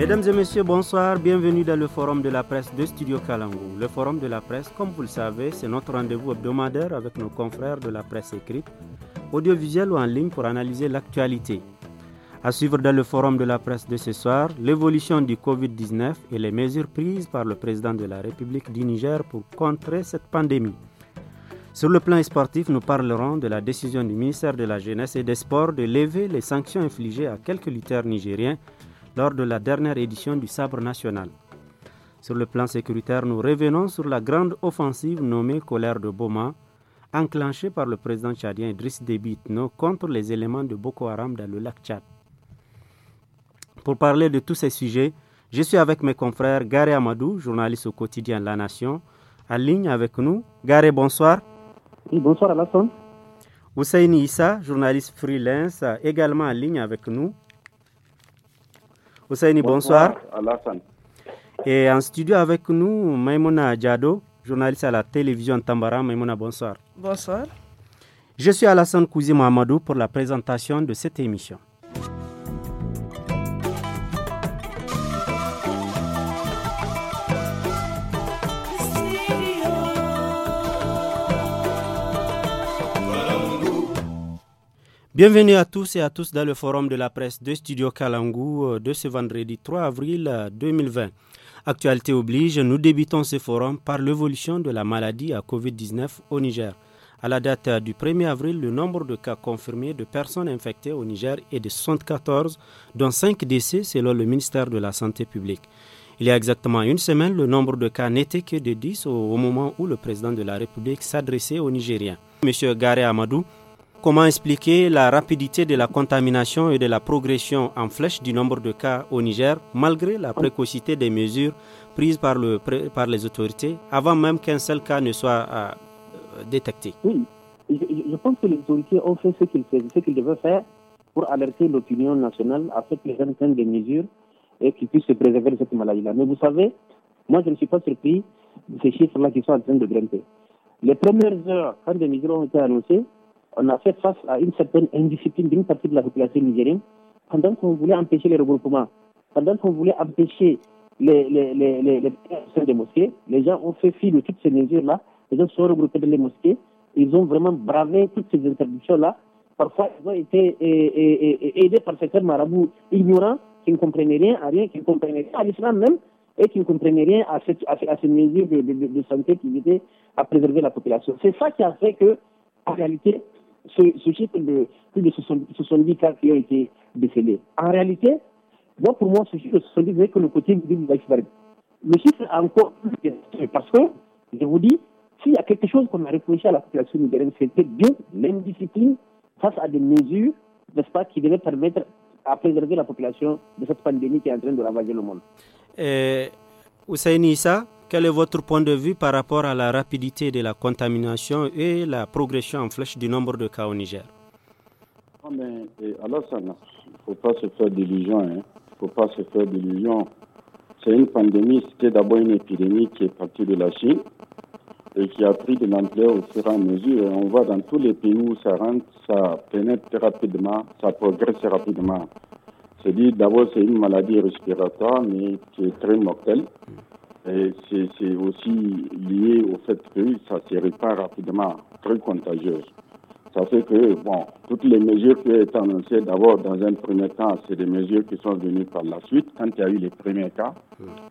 Mesdames et messieurs, bonsoir. Bienvenue dans le forum de la presse de Studio Kalangou. Le forum de la presse, comme vous le savez, c'est notre rendez-vous hebdomadaire avec nos confrères de la presse écrite, audiovisuelle ou en ligne pour analyser l'actualité. À suivre dans le forum de la presse de ce soir, l'évolution du Covid-19 et les mesures prises par le président de la République du Niger pour contrer cette pandémie. Sur le plan sportif, nous parlerons de la décision du ministère de la Jeunesse et des Sports de lever les sanctions infligées à quelques lutteurs nigériens lors de la dernière édition du Sabre national. Sur le plan sécuritaire, nous revenons sur la grande offensive nommée Colère de Boma, enclenchée par le président tchadien Idriss Déby contre les éléments de Boko Haram dans le lac Tchad. Pour parler de tous ces sujets, je suis avec mes confrères Gary Amadou, journaliste au quotidien La Nation, en ligne avec nous. Gary, bonsoir. Oui, bonsoir Alassane. Hussein Issa, journaliste freelance, également en ligne avec nous. Hosseini, bonsoir. Alassane. Et en studio avec nous, Maimouna Diado, journaliste à la télévision Tambara. Maimouna, bonsoir. Bonsoir. Je suis Alassane Kouzi Mohamadou pour la présentation de cette émission. Bienvenue à tous et à tous dans le forum de la presse de Studio Kalangou euh, de ce vendredi 3 avril 2020. Euh, Actualité oblige, nous débutons ce forum par l'évolution de la maladie à Covid-19 au Niger. À la date euh, du 1er avril, le nombre de cas confirmés de personnes infectées au Niger est de 74, dont 5 décès selon le ministère de la Santé publique. Il y a exactement une semaine, le nombre de cas n'était que de 10 au moment où le président de la République s'adressait aux Nigériens. Monsieur Gare Amadou, Comment expliquer la rapidité de la contamination et de la progression en flèche du nombre de cas au Niger, malgré la précocité des mesures prises par, le, par les autorités, avant même qu'un seul cas ne soit euh, détecté Oui, je, pense que les autorités ont fait ce qu'ils qu devaient faire pour alerter l'opinion nationale afin que les gens prennent des mesures et qu'ils puissent se préserver de cette maladie-là. Mais vous savez, moi je ne suis pas surpris de ces chiffres-là qui sont en train de grimper. Les premières heures, quand des mesures ont été annoncées, on a fait face à une certaine indiscipline d'une partie de la population nigérienne pendant qu'on voulait empêcher les regroupements, pendant qu'on voulait empêcher les, les, les, des mosquées, les gens ont fait fi de toutes ces mesures-là, les gens se sont regroupés dans les mosquées, ils ont vraiment bravé toutes ces interdictions-là. Parfois, ils ont été eh, eh, eh, aidés par certains marabouts ignorants qui ne comprenaient rien à rien, qui ne comprenaient rien à l'islam même, et qui ne comprenaient rien à, cette, à, ces mesures de, de, santé qui visaient à préserver la population. C'est ça qui a fait que, en réalité, ce, chiffre de plus de 70 cas qui ont été décédés. En réalité, moi, pour moi, ce chiffre de 70 c'est que le côté du iceberg. Le chiffre est encore plus parce que, je vous dis, s'il y a quelque chose qu'on a réfléchi à la population libérale, c'était bien l'indiscipline face à des mesures, n'est-ce pas, qui devaient permettre à préserver la population de cette pandémie qui est en train de ravager le monde. Euh, Issa, quel est votre point de vue par rapport à la rapidité de la contamination et la progression en flèche du nombre de cas au Niger ah, mais, alors ça, il ne faut pas se faire d'illusions. Hein. Il ne faut pas se faire d'illusions. C'est une pandémie, c'était d'abord une épidémie qui est partie de la Chine et qui a pris de l'ampleur au fur et à mesure. on voit dans tous les pays où ça rentre, ça pénètre rapidement, ça progresse rapidement. C'est dit d'abord c'est une maladie respiratoire, mais qui est très mortelle c'est aussi lié au fait que ça se répare rapidement, très contagieuse. Ça fait que, bon, toutes les mesures qui ont été annoncées d'abord dans un premier temps, c'est des mesures qui sont venues par la suite. Quand il y a eu les premiers cas,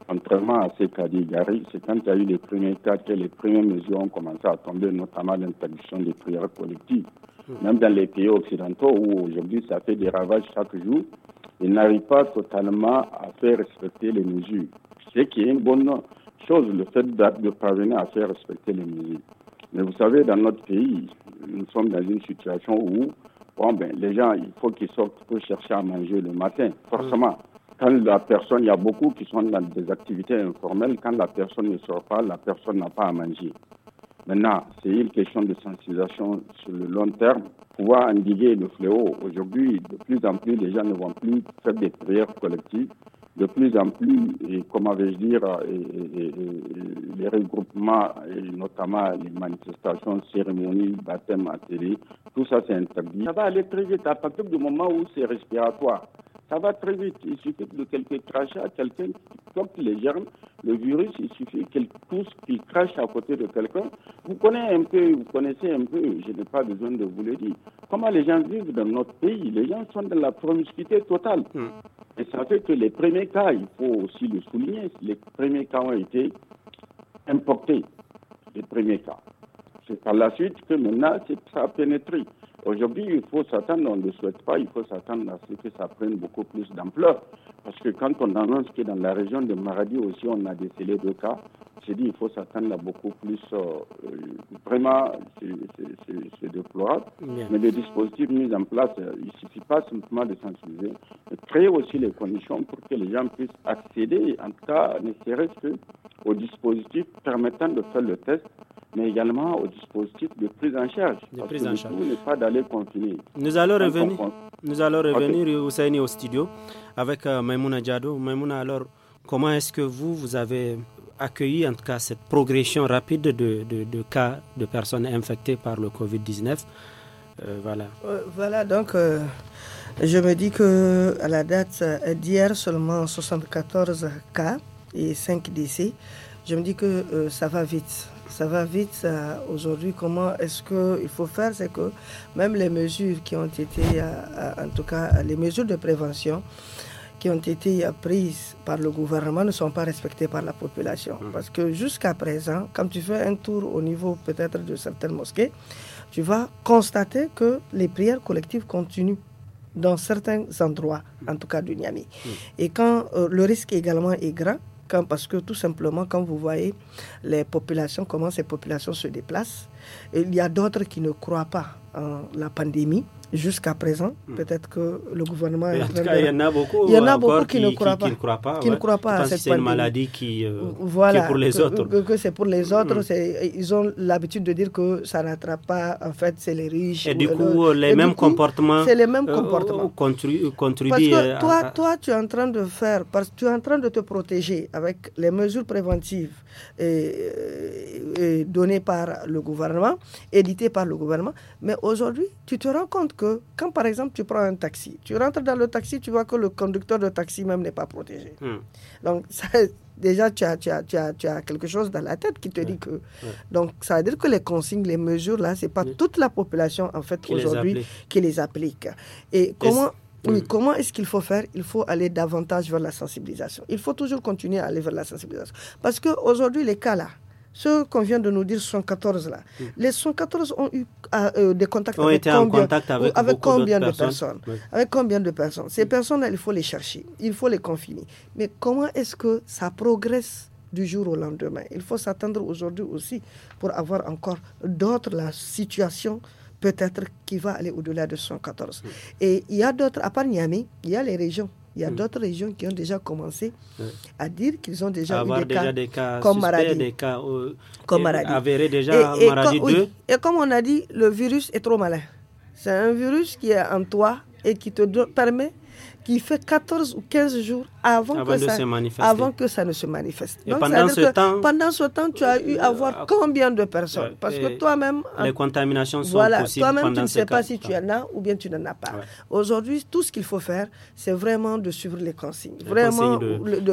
contrairement à ce qu'a dit Gary, c'est quand il y a eu les premiers cas que les premières mesures ont commencé à tomber, notamment l'interdiction des prières collectives. Même dans les pays occidentaux où aujourd'hui ça fait des ravages chaque jour, ils n'arrivent pas totalement à faire respecter les mesures qu'il y est une bonne chose, le fait de parvenir à faire respecter les musées. Mais vous savez, dans notre pays, nous sommes dans une situation où ben, les gens, il faut qu'ils sortent pour chercher à manger le matin, forcément. Quand la personne, il y a beaucoup qui sont dans des activités informelles, quand la personne ne sort pas, la personne n'a pas à manger. Maintenant, c'est une question de sensibilisation sur le long terme, pouvoir endiguer le fléau. Aujourd'hui, de plus en plus, les gens ne vont plus faire des prières collectives, de plus en plus, et comment vais-je dire, les regroupements, notamment les manifestations, cérémonies, baptêmes à tout ça c'est interdit. Ça va aller très vite à partir du moment où c'est respiratoire. Ça va très vite. Il suffit de quelques crachats, quelqu'un qui les germes, le virus, il suffit qu'il pousse, qu'il crache à côté de quelqu'un. Vous connaissez un peu, vous connaissez un peu, je n'ai pas besoin de vous le dire. Comment les gens vivent dans notre pays Les gens sont dans la promiscuité totale. Hmm. Et ça fait que les premiers cas, il faut aussi le souligner, les premiers cas ont été importés, les premiers cas. C'est par la suite que maintenant, ça a pénétré. Aujourd'hui, il faut s'attendre, on ne le souhaite pas, il faut s'attendre à ce que ça prenne beaucoup plus d'ampleur. Parce que quand on annonce que dans la région de Maradi aussi, on a décelé deux cas, c'est dit il faut s'attendre à beaucoup plus. Euh, euh, vraiment, c'est déplorable. Mais le dispositifs mis en place, euh, il ne suffit pas simplement de sensibiliser. Créer aussi les conditions pour que les gens puissent accéder, en tout cas, ne serait-ce que au dispositif permettant de faire le test, mais également au dispositif de prise en charge. De prise en charge. pas d'aller confiner. Nous allons revenir. Nous allons revenir au studio avec euh, Maimouna Diado. Maimouna, alors, comment est-ce que vous, vous avez accueilli en tout cas cette progression rapide de, cas de personnes infectées par le Covid-19. Euh, voilà. Euh, voilà, donc euh, je me dis que à la date d'hier, seulement 74 cas et 5 décès. Je me dis que ça va vite. Ça va vite aujourd'hui. Comment est-ce qu'il faut faire C'est que même les mesures qui ont été, en tout cas, les mesures de prévention, qui ont été prises par le gouvernement ne sont pas respectées par la population. Mmh. Parce que jusqu'à présent, quand tu fais un tour au niveau peut-être de certaines mosquées, tu vas constater que les prières collectives continuent dans certains endroits, en tout cas du Niamey. Mmh. Et quand euh, le risque également est grand, quand, parce que tout simplement, quand vous voyez les populations, comment ces populations se déplacent, il y a d'autres qui ne croient pas en la pandémie jusqu'à présent. Hmm. Peut-être que le gouvernement. en tout cas, il y en a beaucoup, il y en a beaucoup qui, ne croient pas. Qui ne croient pas. à cette c'est une maladie qui, euh, est pour les autres. Que, c'est pour les hmm. autres. Ils ont l'habitude de dire que ça n'attrape pas. En fait, c'est les riches. Et du coup, les, mêmes comportements, c'est les mêmes euh, comportements. Euh, parce que toi, toi, tu es en train de faire. Parce que tu es en train de te protéger avec les mesures préventives données par le gouvernement, éditées par le gouvernement. Mais aujourd'hui, tu te rends compte que quand par exemple tu prends un taxi, tu rentres dans le taxi, tu vois que le conducteur de taxi même n'est pas protégé. Hmm. Donc déjà tu as, tu, as, tu, as, quelque chose dans la tête qui te dit que... Donc ça veut dire que les consignes, les mesures, là, ce n'est pas hmm. toute la population en fait aujourd'hui qui les applique. Et comment... Oui, hmm. comment est-ce qu'il faut faire Il faut aller davantage vers la sensibilisation. Il faut toujours continuer à aller vers la sensibilisation. Parce qu'aujourd'hui, les cas là, ce qu'on vient de nous dire 114 là, mm. les 114 ont eu ah, euh, des contacts ont avec, été combien, en contact avec, combien de personnes, Avec combien de personnes Ces mm. personnes-là, il faut les chercher, il faut les confiner. Mais comment est-ce que ça progresse du jour au lendemain Il faut s'attendre aujourd'hui aussi pour avoir encore d'autres la situation peut-être qui va aller au-delà de 114. Mm. Et il y a d'autres, à part Niamey, il y a les régions. Il y a hmm. d'autres régions qui ont déjà commencé à dire qu'ils ont déjà vu des, cas comme suspects, Maradi. Euh, déjà et comme on a dit, le virus est trop malin. C'est un virus qui est en toi et qui te permet qui fait 14 ou 15 jours avant, que, ça, avant que ça ne se manifeste. pendant, ce temps, pendant ce temps, tu as eu à voir euh, combien de personnes Parce que toi-même... Les contaminations sont voilà, toi-même, tu ne sais pas si tu en as ou bien tu n'en as pas. Aujourd'hui, tout ce qu'il faut faire, c'est vraiment de suivre les consignes. vraiment, d'hygiène,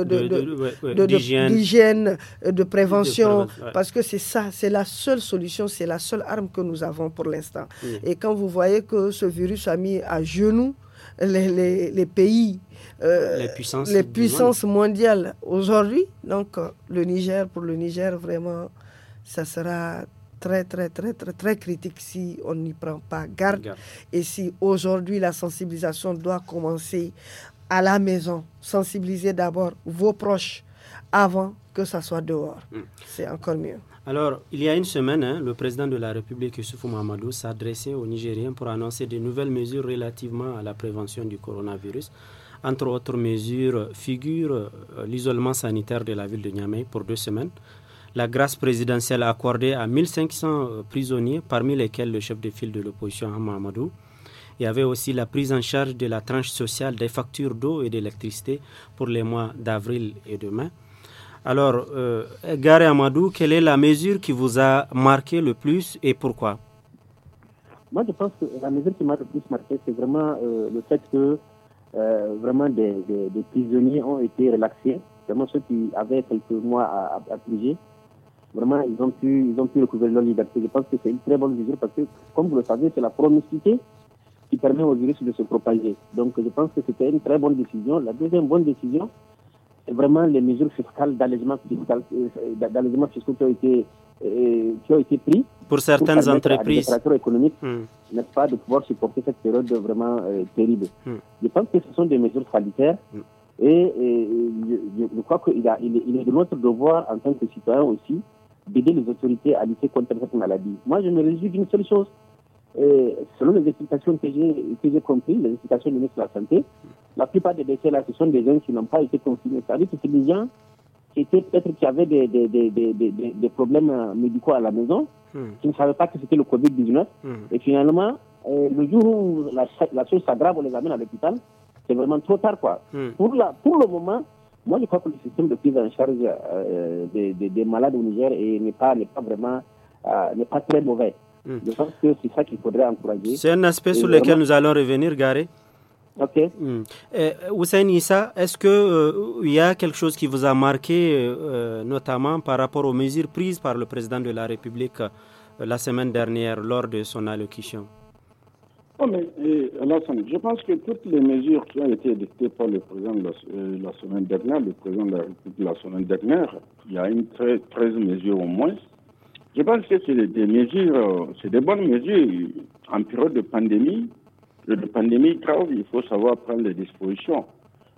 de, de, de, prévention. Parce que c'est ça, c'est la seule solution, c'est la seule arme que nous avons pour l'instant. Et quand vous voyez que ce virus a mis à genoux les, les, pays, euh, les puissances, mondiales aujourd'hui. Donc euh, le Niger, pour le Niger, vraiment, ça sera très, très, très, très, très critique si on n'y prend pas garde. Et si aujourd'hui la sensibilisation doit commencer à la maison, sensibiliser d'abord vos proches avant que ça soit dehors. Hmm. C'est encore mieux. Alors, il y a une semaine, hein, le président de la République, Issoufou Mamadou, s'adressait aux Nigériens pour annoncer de nouvelles mesures relativement à la prévention du coronavirus. Entre autres mesures figure euh, l'isolement sanitaire de la ville de Niamey pour deux semaines, la grâce présidentielle accordée à 1500 euh, prisonniers, parmi lesquels le chef de file de l'opposition Mamadou, Il y avait aussi la prise en charge de la tranche sociale des factures d'eau et d'électricité pour les mois d'avril et de mai. Alors, euh, Gare Amadou, quelle est la mesure qui vous a marqué le plus et pourquoi Moi, je pense que la mesure qui m'a le plus marqué, c'est vraiment euh, le fait que euh, vraiment des, prisonniers ont été relaxés. Vraiment ceux qui avaient quelques mois à, à, vraiment ils ont pu ils ont pu recouvrir leur liberté. Je pense que c'est une très bonne mesure parce que, comme vous le savez, c'est la promiscuité qui permet aux virus de se propager. Donc, je pense que c'était une très bonne décision. La deuxième bonne décision, vraiment les mesures fiscales d'allègement fiscal, euh, qui ont été euh, qui ont été prises pour certaines entreprises économiques, hmm. nest pas, de pouvoir supporter cette période vraiment euh, terrible. Hmm. Je pense que ce sont des mesures salutaires hmm. et, je, crois qu'il il, est de notre devoir en tant que citoyen aussi d'aider les autorités à lutter contre cette maladie. Moi, je me réjouis d'une seule chose, selon les explications que j'ai compris, les explications du ministre de la Santé, la plupart des décès là, ce sont des gens qui n'ont pas été confinés. C'est-à-dire que c'est des gens qui étaient peut-être qui avaient des, des, problèmes euh, médicaux à la maison, hmm. qui ne savaient pas que c'était le Covid-19. Hmm. Et finalement, euh, le jour où la, la chose s'aggrave, on les amène à l'hôpital, c'est vraiment trop tard. quoi. Hmm. Pour, la, pour le moment, moi je crois que le système de prise en charge euh, des, malades au Niger n'est pas, pas vraiment n'est pas très mauvais. Hmm. Je pense que c'est ça qu'il faudrait encourager. C'est un aspect sur lequel nous allons revenir, Garé. Ok. Mm. Issa, est-ce qu'il euh, y a quelque chose qui vous a marqué, euh, euh, notamment par rapport aux mesures prises par le président de la République la semaine dernière lors de son allocution oh, mais, Je pense que toutes les mesures qui ont été dictées par le président la, semaine dernière, le président de la République la semaine dernière, il y a une très 13 mesures au moins je pense que c'est des, mesures, euh, c'est des bonnes mesures. En période de pandémie, de pandémie grave, il faut savoir prendre les dispositions.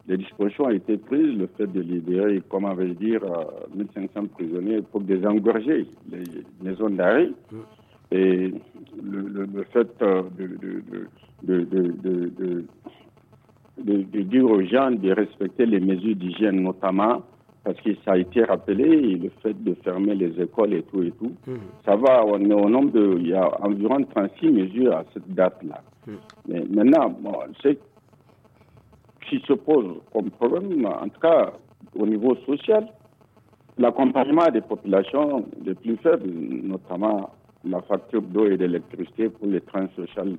Les dispositions ont été prises, le fait de libérer, comment vais-je dire, 1500 euh, prisonniers pour désengorger les, maisons zones d'arrêt. Mm. Et le, fait de, dire aux gens de respecter les mesures d'hygiène, notamment parce que ça a été rappelé, le fait de fermer les écoles et tout et tout, mmh. ça va, on est au nombre de, il y a environ 36 mesures à cette date-là. Mmh. Mais maintenant, ce qui se pose comme problème, en tout cas au niveau social, l'accompagnement des populations les plus faibles, notamment la facture d'eau et d'électricité pour les trains sociaux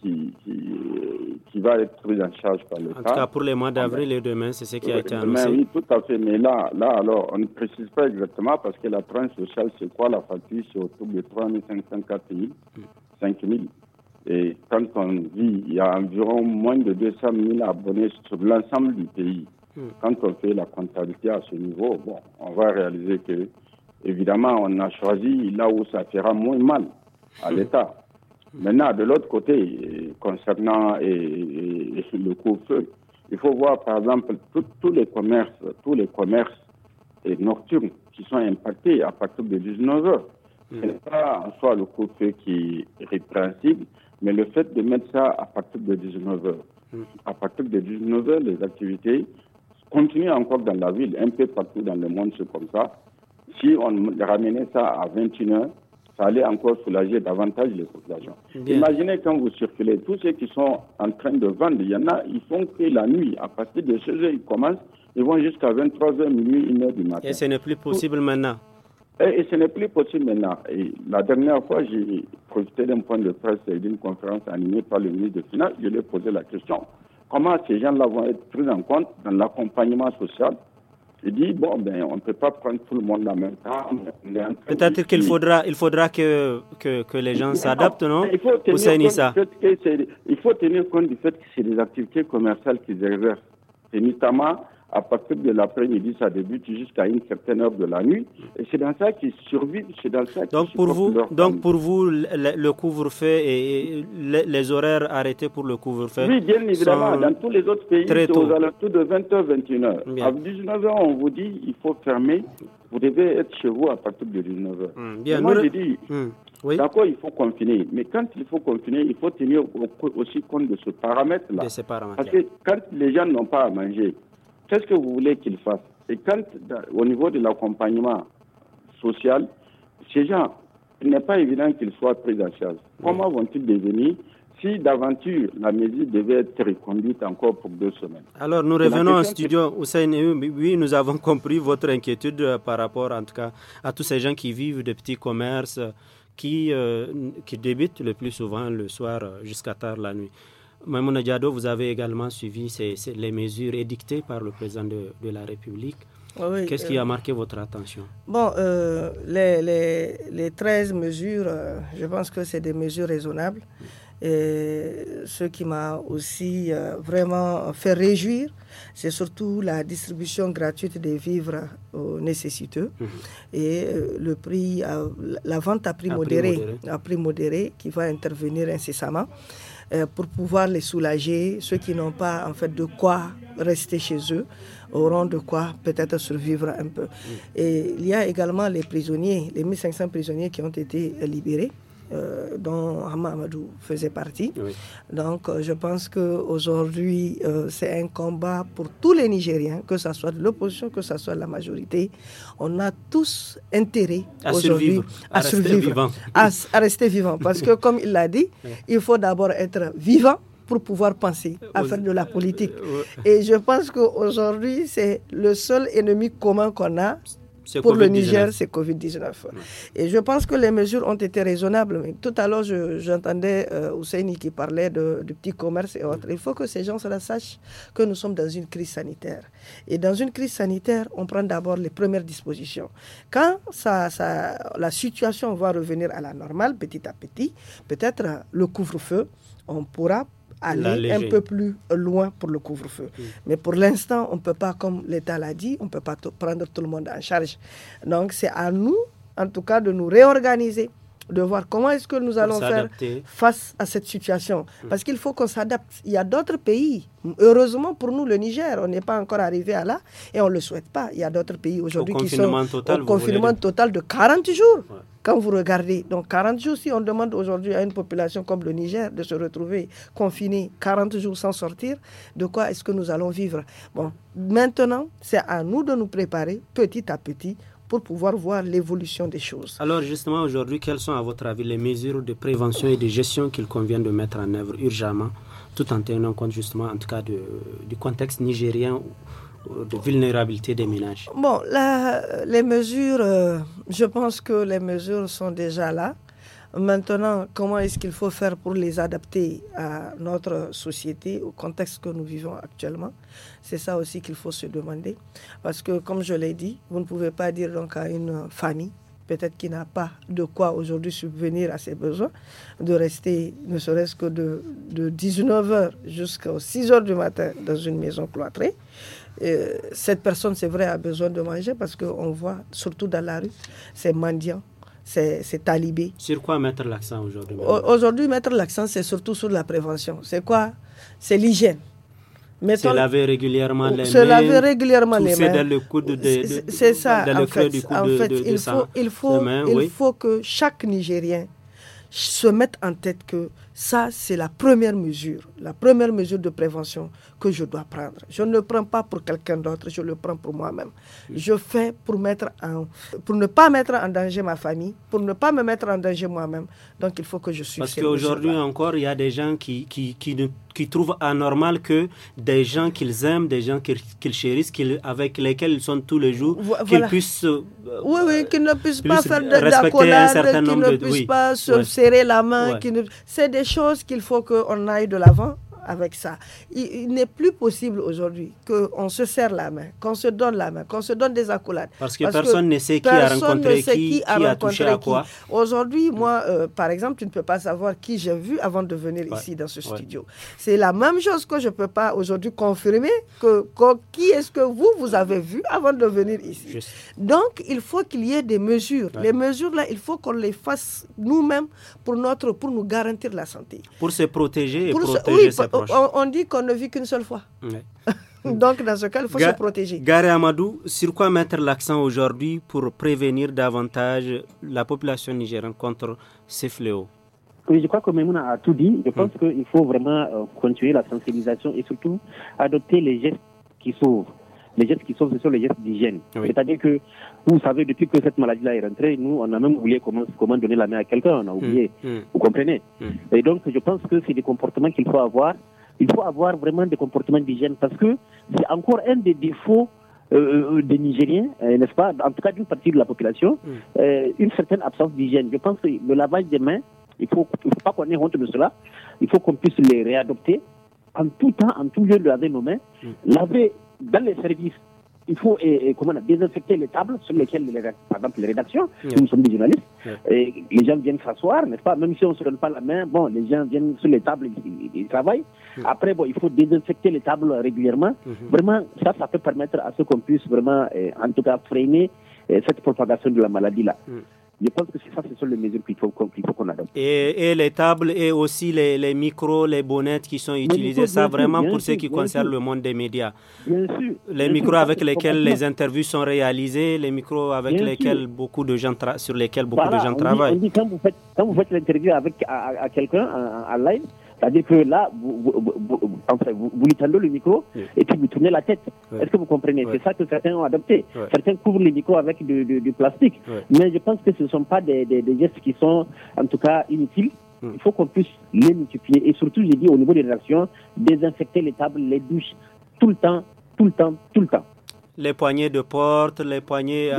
qui, euh, qui, va être pris en charge par l'État. En tout cas, pour les mois d'avril et demain, c'est ce qui a été annoncé. oui, tout à fait. Mais là, là, alors, on ne précise pas exactement parce que la tranche sociale, c'est quoi la facture C'est autour de 3 5000 000, 5 000. Et quand on dit il y a environ moins de 200 000 abonnés sur l'ensemble du pays, hmm. quand on fait la comptabilité à ce niveau, on va réaliser que, évidemment, on a choisi là où ça fera moins mal à hmm. l'État. Maintenant, de l'autre côté, concernant et, et, le feu il faut voir par exemple tous les commerces, tous les commerces et nocturnes qui sont impactés à partir de 19 h mm. Ce n'est pas en soi le de feu qui est répréhensible, mais le fait de mettre ça à partir de 19 h mm. À partir de 19 h les activités continuent encore dans la ville, un peu partout dans le monde, c'est comme ça. Si on ramenait ça à 21 h ça allait encore soulager davantage les populations. Imaginez quand vous circulez, tous ceux qui sont en train de vendre, il y en a, ils font que la nuit, à partir de 16h, ils commencent, ils vont jusqu'à 23h, minuit, 1h du matin. Et ce n'est plus possible maintenant et, ce n'est plus possible maintenant. la dernière fois, j'ai profité d'un point de presse et d'une conférence animée par le ministre de Finances, je lui ai posé la question. Comment ces gens-là vont être pris en compte dans l'accompagnement social il dit bon, ben, on ne peut pas prendre tout le monde en même temps. Peut-être qu'il faudra, il faudra que, que, les gens s'adaptent, non il faut, il faut, tenir compte du fait que c'est des activités commerciales qu'ils exercent. C'est notamment à partir de l'après-midi, ça débute jusqu'à une certaine heure de la nuit. Et c'est dans ça qu'ils survivent, c'est dans ça qu'ils donc pour vous, Donc pour vous, le, couvre-feu et, les, horaires arrêtés pour le couvre-feu Oui, bien évidemment. Dans tous les autres pays, c'est aux alentours de 20h, 21h. À 19h, on vous dit il faut fermer. Vous devez être chez vous à partir de 19h. Hum, bien, moi, j'ai dit, hum, D'accord, il faut confiner. Mais quand il faut confiner, il faut tenir aussi compte de ce paramètre-là. Parce que quand les gens n'ont pas à manger, Qu'est-ce que vous voulez qu'ils fassent Et quand, au niveau de l'accompagnement social, ces gens, il n'est pas évident qu'ils soient pris en charge. Comment vont-ils devenir si d'aventure la mesure devait être reconduite encore pour deux semaines. Alors nous revenons au studio, euh, oui, nous avons compris votre inquiétude euh, par rapport en tout cas à tous ces gens qui vivent des petits commerces euh, qui, qui débutent le plus souvent le soir jusqu'à tard la nuit. Maïmouna Diado, vous avez également suivi les mesures édictées par le président de, la République. Qu'est-ce qui a euh, marqué votre attention Bon, euh, les, 13 mesures, euh, je pense que c'est des mesures raisonnables. Et ce qui m'a aussi vraiment fait réjouir, c'est surtout la distribution gratuite des vivres aux nécessiteux mmh. et le prix, la vente à prix modéré, à prix modéré qui va intervenir incessamment. Euh, pour pouvoir les soulager. Ceux qui n'ont pas en fait de quoi rester chez eux auront de quoi peut-être survivre un peu. Et il y a également les prisonniers, les 1500 prisonniers qui ont été libérés. Euh, dont amadou faisait partie. Donc euh, je pense qu'aujourd'hui, aujourd'hui, euh, c'est un combat pour tous les Nigériens, que ce soit de l'opposition, que ce soit de la majorité. On a tous intérêt aujourd'hui à, à, survivre, à, rester vivant. Parce que comme il l'a dit, il faut d'abord être vivant pour pouvoir penser à faire de la politique. Et je pense qu'aujourd'hui, c'est le seul ennemi commun qu'on a, pour le Niger, c'est Covid-19. Et je pense que les mesures ont été raisonnables. Mais tout à l'heure, j'entendais je, euh, qui parlait de, petit commerce et autres. Mm. Il faut que ces gens sachent que nous sommes dans une crise sanitaire. Et dans une crise sanitaire, on prend d'abord les premières dispositions. Quand ça, ça, la situation va revenir à la normale, petit à petit, peut-être hein, le couvre-feu, on pourra aller un peu plus loin pour le couvre-feu. Mais pour l'instant, on ne peut pas, comme l'État l'a dit, on ne peut pas prendre tout le monde en charge. Donc c'est à nous, en tout cas, de nous réorganiser de voir comment est-ce que nous allons faire face à cette situation. Hmm. Parce qu'il faut qu'on s'adapte. Il y a d'autres pays. Heureusement pour nous, le Niger, on n'est pas encore arrivé à là et on ne le souhaite pas. Il y a d'autres pays aujourd'hui qui sont confinement total de 40 jours. Quand vous regardez, donc 40 jours, si on demande aujourd'hui à une population comme le Niger de se retrouver confinée 40 jours sans sortir, de quoi est-ce que nous allons vivre Bon, maintenant, c'est à nous de nous préparer petit à petit pour pouvoir voir l'évolution des choses. Alors justement, aujourd'hui, quelles sont à votre avis les mesures de prévention et de gestion qu'il convient de mettre en œuvre urgemment, tout en tenant compte justement en tout cas du contexte nigérien de vulnérabilité des ménages Bon, les mesures, euh, je pense que les mesures sont déjà là. Maintenant, comment est-ce qu'il faut faire pour les adapter à notre société, au contexte que nous vivons actuellement C'est ça aussi qu'il faut se demander. Parce que, comme je l'ai dit, vous ne pouvez pas dire donc à une famille peut-être qui n'a pas de quoi aujourd'hui subvenir à ses besoins, de rester ne serait-ce que de, 19h jusqu'à 6h du matin dans une maison cloîtrée. Euh, cette personne, c'est vrai, a besoin de manger parce qu'on voit, surtout dans la rue, ces mendiants c'est talibé. Sur quoi mettre l'accent aujourd'hui Aujourd'hui, mettre l'accent, c'est surtout sur la prévention. C'est quoi C'est l'hygiène. se laver régulièrement les mains. Se laver régulièrement les mains. dans C'est ça, en fait, il, faut, il, faut, il faut que chaque Nigérien se mette en tête que ça, c'est la première mesure, la première mesure de prévention que je dois prendre. Je ne le prends pas pour quelqu'un d'autre, je le prends pour moi-même. Je fais pour, mettre en, pour ne pas mettre en danger ma famille, pour ne pas me mettre en danger moi-même. Donc, il faut que je suis. Parce qu'aujourd'hui encore, il y a des gens qui, qui, qui, qui trouvent anormal que des gens qu'ils aiment, des gens qu'ils chérissent, avec lesquels ils sont tous les jours, qu'ils puissent. Euh, oui, oui, qu'ils ne puissent euh, pas faire de la qu'ils ne puissent pas se serrer la main. C'est des chose choses qu'il faut qu'on aille de l'avant avec ça. Il, n'est plus possible aujourd'hui qu'on se serre la main, qu'on se donne la main, qu'on se donne des accolades. Parce que personne ne sait qui a rencontré qui, a, touché à quoi. Aujourd'hui, moi, euh, par exemple, tu ne peux pas savoir qui j'ai vu avant de venir ici dans ce studio. C'est la même chose que je ne peux pas aujourd'hui confirmer que, qui est-ce que vous, vous avez vu avant de venir ici. Donc, il faut qu'il y ait des mesures. Les mesures-là, il faut qu'on les fasse nous-mêmes pour, notre, pour nous garantir la santé. Pour se protéger et protéger sa Oh, on, dit qu'on ne vit qu'une seule fois. Donc, dans ce cas, il faut se protéger. Gare Amadou, sur quoi mettre l'accent aujourd'hui pour prévenir davantage la population nigérienne contre ces fléaux oui, je crois que Memouna a tout dit. Je pense hmm. qu'il faut vraiment euh, continuer la sensibilisation et surtout adopter les gestes qui s'ouvrent les gestes qui sont, ce sont les gestes d'hygiène. C'est-à-dire que, vous savez, depuis que cette maladie-là est rentrée, nous, on a même oublié comment, comment donner la main à quelqu'un, on a oublié. Mm, mm. Vous comprenez mm. Et donc, je pense que c'est des comportements qu'il faut avoir. Il faut avoir vraiment des comportements d'hygiène parce que c'est encore un des défauts euh, euh, des Nigériens, euh, n'est-ce pas En tout cas, d'une partie de la population, une certaine absence d'hygiène. Je pense que le lavage des mains, il ne faut, pas qu'on ait honte de cela. Il faut qu'on puisse les réadopter en tout temps, en tout lieu, de laver nos mains, laver dans les services, il faut comment, désinfecter les tables sur lesquelles, par exemple, les rédactions, si nous sommes des journalistes, les gens viennent s'asseoir, nest pas Même si on ne se donne pas la main, bon, les gens viennent sur les tables, ils, travaillent. Après, bon, il faut désinfecter les tables régulièrement. Mm-hmm. Vraiment, ça, ça peut permettre à ce qu'on puisse vraiment, en tout cas, freiner cette propagation de la maladie-là. Mm. Je pense que ça, ce sont les mesures qu'il faut qu'on adopte. Et, les tables et aussi les, micros, les bonnettes qui sont utilisées, ça vraiment pour ce qui concerne le monde des médias. Les micros avec lesquels les interviews sont réalisées, les micros avec lesquels beaucoup de gens sur lesquels beaucoup de gens travaillent. quand vous faites, l'interview avec à quelqu'un en live, c'est-à-dire que là, vous, vous, vous, tendez le micro et puis vous tournez la tête. Est-ce que vous comprenez C'est ça que certains ont adopté. Certains couvrent le micro avec du, plastique. Mais je pense que ce ne sont pas des, gestes qui sont, en tout cas, inutiles. Il faut qu'on puisse les multiplier. Et surtout, j'ai dit au niveau des réactions, désinfecter les tables, les douches, tout le temps, tout le temps, tout le temps les poignées de porte, les poignées, euh,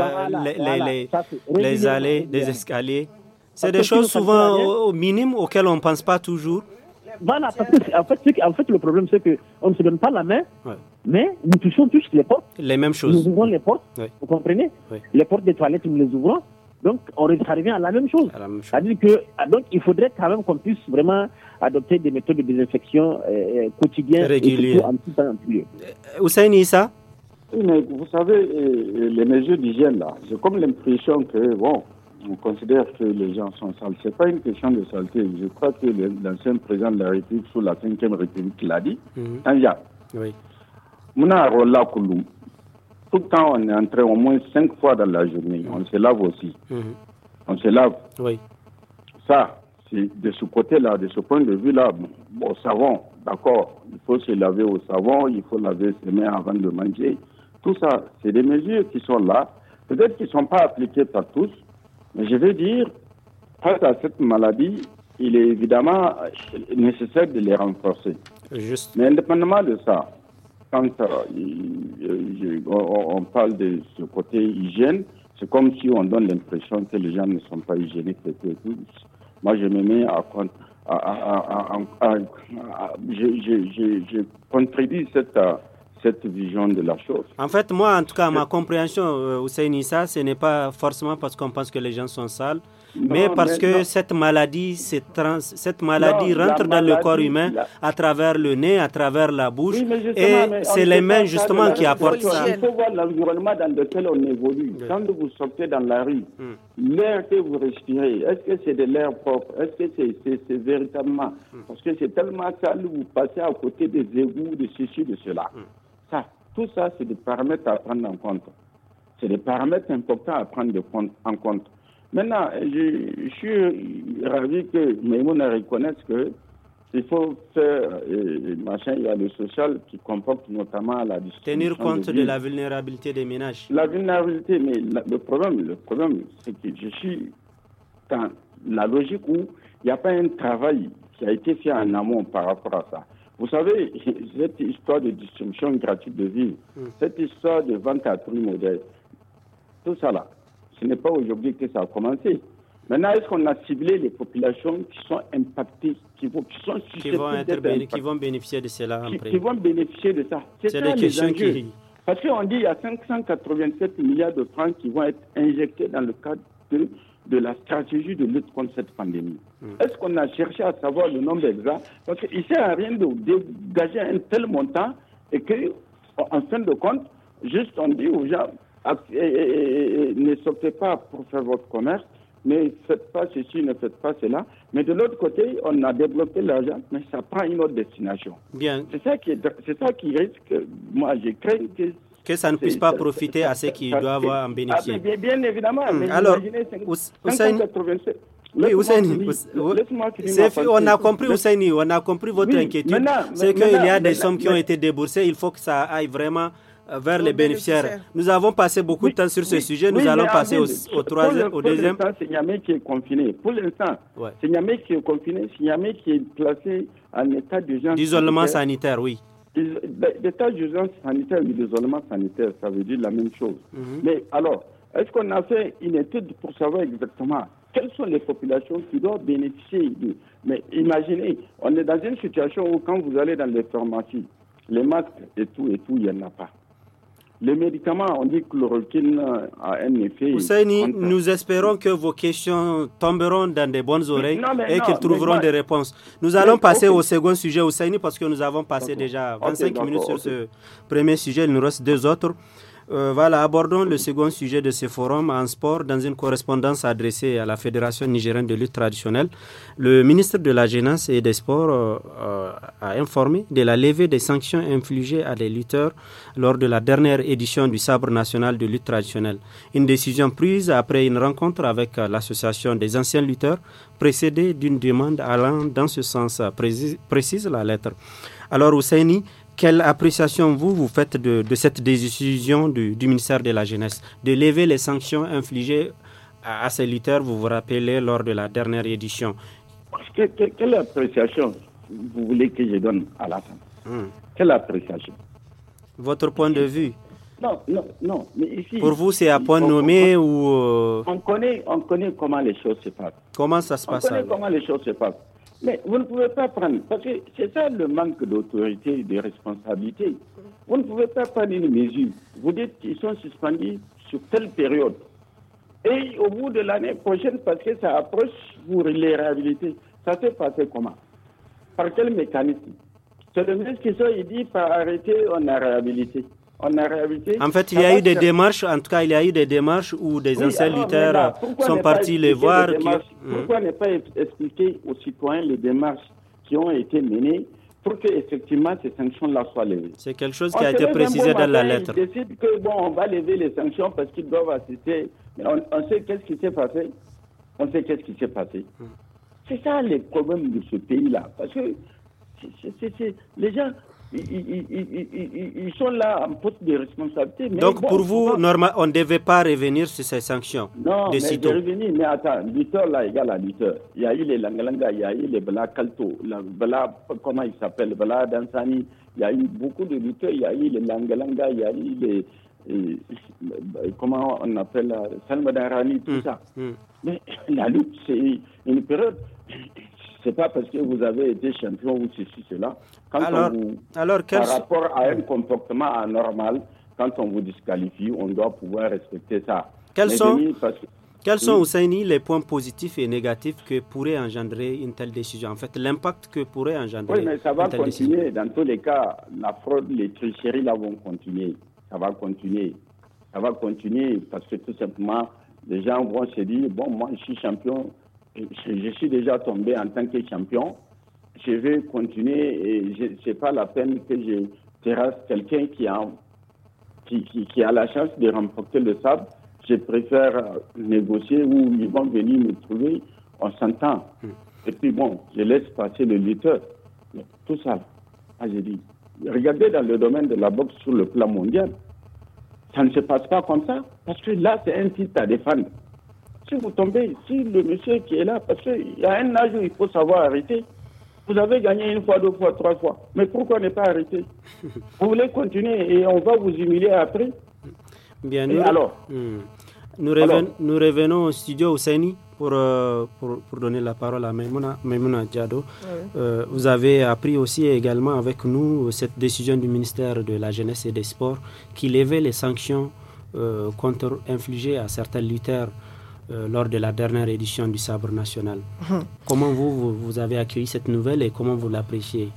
les, allées, les escaliers. C'est des choses souvent minimes auxquelles on ne pense pas toujours, voilà, parce en fait, en fait, le problème, c'est qu'on ne se donne pas la main, mais nous touchons tous les portes. Les mêmes choses. Nous ouvrons les portes, vous comprenez Les portes des toilettes, nous les ouvrons. Donc, on revient à la même chose. C'est-à-dire que, ah, donc, il faudrait quand même qu'on puisse vraiment adopter des méthodes de désinfection euh, euh quotidiennes. Régulières. Hussein euh, Issa Oui, mais vous savez, euh, les mesures d'hygiène, là, j'ai comme l'impression que, bon, on considère que les gens sont sales. Ce n'est pas une question de saleté. Je crois que l'ancien président de la République, sous la 5 République, l'a dit. Mhm. gars. Oui. Tout le temps, on est entré au moins cinq fois dans la journée. Mhm. On se lave aussi. Mhm. On se lave. Oui. Ça, c'est de ce côté-là, de ce point de vue-là, bon, au savon, d'accord, il faut se laver au savon, il faut laver ses mains avant de manger. Tout ça, c'est des mesures qui sont là. Peut-être qu'ils ne sont pas appliquées par tous, mais Je veux dire, face à cette maladie, il est évidemment nécessaire de les renforcer. Juste. Mais indépendamment de ça, quand euh, euh, on parle de ce côté hygiène, c'est comme si on donne l'impression que les gens ne sont pas hygiéniques Moi, je me mets à, à, je, je, contredis cette. Euh, cette vision de la chose. En fait, moi, en tout cas, ma compréhension, Hussein euh, Issa, ce n'est pas forcément parce qu'on pense que les gens sont sales, mais parce que cette maladie, cette maladie rentre dans le corps humain à travers le nez, à travers la bouche, et c'est les mains justement qui apportent ça. Il faut voir l'environnement dans lequel on évolue. Quand vous sortez dans la rue, hmm. l'air que vous respirez, est-ce que c'est de l'air propre Est-ce que c'est véritablement hmm. Parce que c'est tellement sale, vous passez à côté des égouts, de ceci, de cela. Hmm. Tout ça, c'est des paramètres à prendre en compte. C'est des paramètres importants à prendre en compte. Maintenant, je, suis ravi que Maïmouna reconnaisse que il faut faire, euh, machin, il y a le social qui comporte notamment la Tenir compte de, la vulnérabilité des ménages. La vulnérabilité, mais le problème, le problème, c'est que je suis dans la logique où il n'y a pas un travail qui a été fait en amont par rapport à ça. Vous savez, cette histoire de distribution gratuite de vie, hmm. cette histoire de vente à prix modèle, tout ça là, ce n'est pas aujourd'hui que ça a commencé. Maintenant, est-ce qu'on a ciblé les populations qui sont impactées, qui, vont, sont qui vont, impactées, qui vont bénéficier de cela qui, qui, vont bénéficier de ça. C'est la question Qui... Parce qu'on dit qu'il y a 587 milliards de francs qui vont être injectés dans le cadre de la stratégie de lutte contre cette pandémie. Mm. Est-ce qu'on a cherché à savoir le nombre exact Parce qu'il ne sert à rien de dégager un tel montant et que, en fin de compte, juste on dit aux gens ne sortez pas pour faire votre commerce, ne faites pas ceci, ne faites pas cela. Mais de l'autre côté, on a développé l'argent, mais ça prend une autre destination. C'est ça qui, risque. Moi, j'ai craint que ça ne puisse pas profiter à ceux qui doivent en bénéficier. Ah, bien, évidemment. Mm. Alors, imaginez, oui, Ousseini, on a compris, on a compris votre inquiétude. C'est qu'il y a des sommes qui ont été déboursées, il faut que ça aille vraiment euh, vers les bénéficiaires. Nous avons passé beaucoup de temps sur ce sujet. Nous allons passer au, troisième, au deuxième. Pour c'est qui est confiné. Pour l'instant, c'est qui est confiné, c'est qui est placé en état d'urgence. D'isolement sanitaire. oui. L'état d'urgence sanitaire et d'isolement sanitaire, ça veut dire la même chose. Mhm. Mais alors, est-ce qu'on a fait une étude pour savoir exactement quelles sont les populations qui doivent bénéficier Mais imaginez, on est dans une situation où quand vous allez dans les pharmacies, les masques et tout, et tout, il n'y en a pas. Les médicaments, on dit que le chloroquine a un effet. Ousseini, nous espérons que vos questions tomberont dans des bonnes oreilles et qu'ils trouveront des réponses. Nous allons passer au second sujet, Ousseini, parce que nous avons passé déjà 25 minutes sur ce premier sujet. Il nous reste deux autres. Euh, voilà, abordons le second sujet de ce forum en sport dans une correspondance adressée à la Fédération nigérienne de lutte traditionnelle. Le ministre de la Jeunesse et des Sports euh, euh, a informé de la levée des sanctions infligées à des lutteurs lors de la dernière édition du Sabre national de lutte traditionnelle. Une décision prise après une rencontre avec l'association des anciens lutteurs précédée d'une demande allant dans ce sens, précise, la lettre. Alors, Ousseini, quelle appréciation vous, vous faites de, cette décision du, ministère de la Jeunesse de lever les sanctions infligées à, ces lutteurs, vous vous rappelez, lors de la dernière édition Quelle appréciation vous voulez que je donne à la fin hmm. Quelle appréciation Votre point de vue non, non, non. Pour vous, c'est à point nommé ou... Euh? On, connaît, on connaît comment les choses se passent. Comment ça se passe On comment les choses se passent. Mais vous ne pouvez pas prendre, parce que c'est ça le manque d'autorité de responsabilité. Vous ne pouvez pas prendre une mesure. Vous dites qu'ils sont suspendus sur telle période. Et au bout de l'année prochaine, parce que ça approche, pour les réhabilitez, Ça s'est passé comment Par quel mécanisme C'est le ministre qui dit par arrêter, on a réhabilité. En fait, il y a eu des démarches, en tout cas, il y a eu des démarches où des anciens lutteurs sont partis les voir. Hmm. Pourquoi ne pas expliquer aux citoyens les démarches qui ont été menées pour que effectivement ces sanctions-là soient levées. C'est quelque chose qui a été précisé dans la lettre. que bon, on va lever les sanctions parce qu'ils doivent assister. Mais on, sait qu'est-ce qui s'est passé. On sait qu'est-ce qui s'est passé. Hmm. C'est ça les problèmes de ce pays-là. Parce que les gens, ils, sont là en poste de responsabilité. Donc pour vous, on ne devait pas revenir sur ces sanctions Non, on mais je revenir, mais attends, lutteur là égal à lutteur. Il y a eu les Langalanga, il y a eu les Bala Kalto, la Bala, comment il s'appelle, Bala Dansani, il y a eu beaucoup de lutteurs, il y a eu les Langalanga, il y a eu les... Euh, comment on appelle Salma Darani, tout hmm, ça. Hmm. Mais la lutte, c'est une période c'est pas parce que vous avez été champion ou ceci, cela. Quand alors, vous, quel... par rapport à un comportement anormal, quand on vous disqualifie, on doit pouvoir respecter ça. Quels sont, quels les points positifs et négatifs que pourrait engendrer une telle décision En fait, l'impact que pourrait engendrer. Oui, mais ça va continuer. Dans tous les cas, la fraude, les tricheries là vont continuer. Ça va continuer. Ça va continuer parce que tout simplement, les gens vont se dire bon, moi, je suis champion, je, suis déjà tombé en tant que champion. Je vais continuer et ce n'est pas la peine que je terrasse quelqu'un qui a, qui, a la chance de remporter le sable. Je préfère négocier où ils vont venir me trouver. en s'entend. Hmm. Et puis bon, je laisse passer le lutteur. Tout ça, ah, j'ai dit. Regardez dans le domaine de la boxe sur le plan mondial. Ça ne se passe pas comme ça. Parce que là, c'est un site à défendre si vous tombez, si le monsieur qui est là, parce qu'il y a un âge où il faut savoir arrêter. Vous avez gagné une fois, deux fois, trois fois. Mais pourquoi ne pas arrêter Vous voulez continuer et on va vous humilier après Bien, nous, hmm. alors, nous, revenons au studio au euh, pour, pour, donner la parole à Maimouna, Djado. Diado. Euh, vous avez appris aussi également avec nous cette décision du ministère de la Jeunesse et des Sports qui levait les sanctions euh, contre infligées à certains lutteurs euh, lors de la dernière édition du Sabre national. Hum. Comment vous, vous, avez accueilli cette nouvelle et comment vous l'appréciez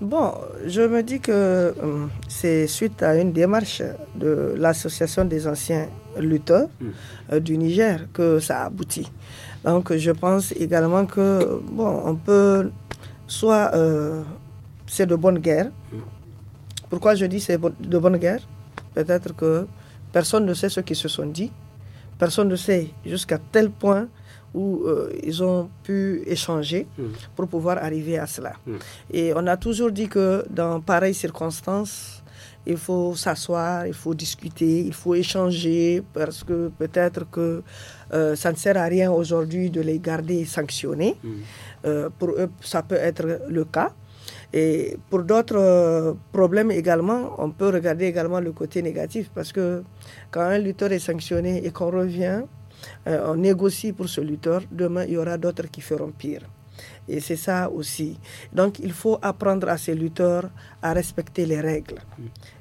Bon, je me dis que hum, c'est suite à une démarche de l'Association des anciens lutteurs hum. euh, du Niger que ça aboutit. Donc je pense également que, bon, on peut, soit euh, c'est de bonne guerre. Pourquoi je dis c'est de bonne guerre Peut-être que personne ne sait ce qui se sont dit Personne ne sait jusqu'à tel point où euh, ils ont pu échanger hmm. pour pouvoir arriver à cela. Hmm. Et on a toujours dit que dans pareilles circonstances, il faut s'asseoir, il faut discuter, il faut échanger, parce que peut-être que euh, ça ne sert à rien aujourd'hui de les garder sanctionnés. Hmm. Euh, pour eux, ça peut être le cas. Et pour d'autres euh, problèmes également, on peut regarder également le côté négatif parce que quand un lutteur est sanctionné et qu'on revient, euh, on négocie pour ce lutteur, demain il y aura d'autres qui feront pire. Et c'est ça aussi. Donc il faut apprendre à ces lutteurs à respecter les règles.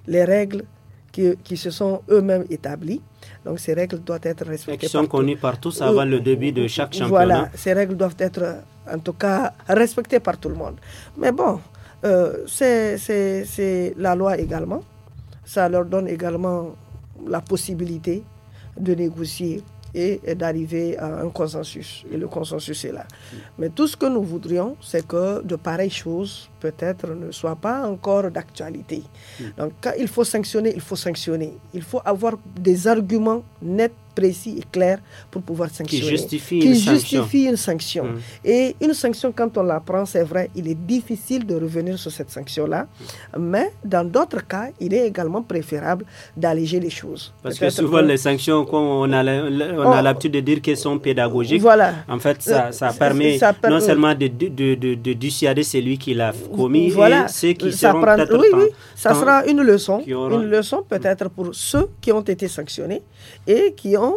Les règles qui, qui, se sont eux-mêmes établies. Donc ces règles doivent être respectées. Et qui sont connues par tous avant le début de chaque championnat. Voilà, ces règles doivent être en tout cas respectées par tout le monde. Mais bon, euh, c'est la loi également. Ça leur donne également la possibilité de négocier et d'arriver à un consensus. Et le consensus est là. Mais tout ce que nous voudrions, c'est que de pareilles choses peut-être ne soit pas encore d'actualité. Hmm. Donc quand il faut sanctionner, il faut sanctionner. Il faut avoir des arguments nets précis et clairs pour pouvoir sanctionner. Qui justifie, une, sanction. Hmm. Et une sanction, quand on la prend, c'est vrai, il est difficile de revenir sur cette sanction-là. Hmm. Mais dans d'autres cas, il est également préférable d'alléger les choses. Parce que souvent, les sanctions, quand on a oh. l'habitude de dire qu'elles sont pédagogiques. En fait, ça, permet, non seulement de, de, celui qui l'a commis voilà, et qui seront oui, oui, ça sera une leçon, une leçon peut-être pour ceux qui ont été sanctionnés et qui ont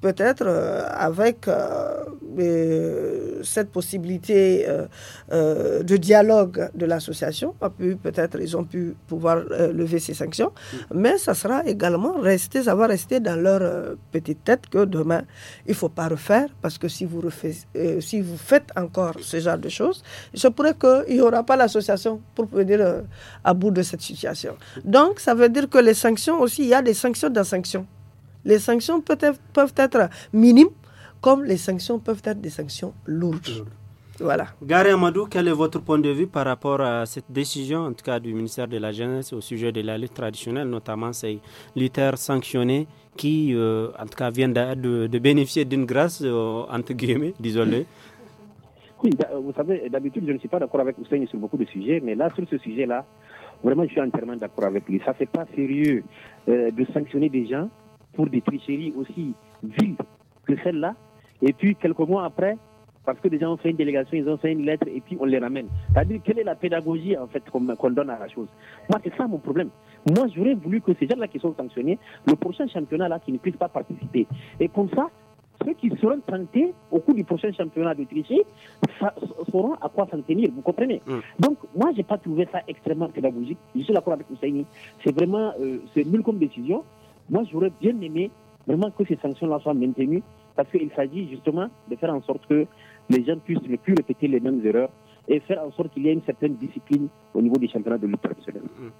peut-être euh, avec euh, euh, cette possibilité de dialogue de l'association, peut-être ils ont pu pouvoir lever ces sanctions, mm. mais ça sera également rester, ça va rester dans leur petite tête que demain, il ne faut pas refaire, parce que si vous, si vous faites encore ce genre de choses, je pourrais qu'il n'y aura pas l'association pour venir à bout de cette situation. Donc, ça veut dire que les sanctions aussi, il y a des sanctions dans sanctions. Les sanctions peut être, peuvent être minimes, comme les sanctions peuvent être des sanctions lourdes. Voilà. Gary Amadou, quel est votre point de vue par rapport à cette décision, en tout cas du ministère de la Jeunesse, au sujet de la lutte traditionnelle, notamment ces lutteurs sanctionnés qui, euh, en tout cas, viennent de, bénéficier d'une grâce, euh, entre guillemets, désolé. Oui, vous savez, d'habitude, je ne suis pas d'accord avec Hussein sur beaucoup de sujets, mais là, sur ce sujet-là, vraiment, je suis entièrement d'accord avec lui. Ça, fait pas sérieux euh, de sanctionner des gens pour des tricheries aussi vives que celle-là. Et puis, quelques mois après, parce que des gens ont fait une délégation, ils ont fait une lettre et puis on les ramène. C'est-à-dire, quelle est la pédagogie en fait qu'on donne à la chose Moi, c'est ça mon problème. Moi, j'aurais voulu que ces gens-là qui sont sanctionnés, le prochain championnat-là, qu'ils ne puissent pas participer. Et comme ça, ceux qui seront tentés au cours du prochain championnat de tricher sauront à quoi s'en tenir, vous comprenez mm. Donc, moi, je n'ai pas trouvé ça extrêmement pédagogique. Je suis d'accord avec Moussaïni. C'est vraiment, euh, c'est nul comme décision. Moi, j'aurais bien aimé vraiment que ces sanctions-là soient maintenues parce qu'il s'agit justement de faire en sorte que les jeunes puissent ne plus répéter les mêmes erreurs et faire en sorte qu'il y ait une certaine discipline au niveau des championnats de lutte professionnelle. Mm.